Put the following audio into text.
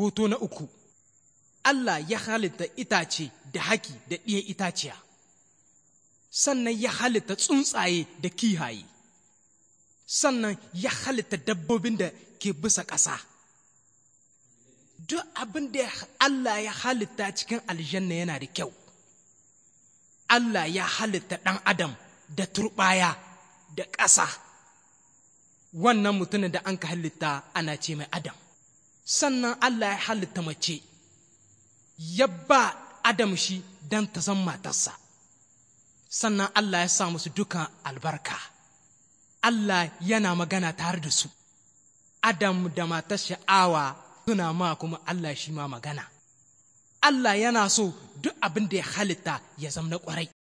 hoto na uku Allah ya halitta itace da haki da ɗiyar itaciya sannan ya halitta tsuntsaye da kihaye sannan ya halitta dabbobin da ke bisa ƙasa duk abin da Allah ya halitta cikin aljanna yana da kyau Allah ya halitta ɗan adam da turɓaya da ƙasa wannan mutumin da an ka halitta ana ce mai adam sannan Allah ya halitta mace ya ba Adam shi don ta zan matarsa sannan Allah ya sa musu duka albarka Allah yana magana tare da su Adam da matar sha'awa suna ma kuma Allah shi ma magana Allah yana so duk abin da ya halitta ya zama na ƙwarai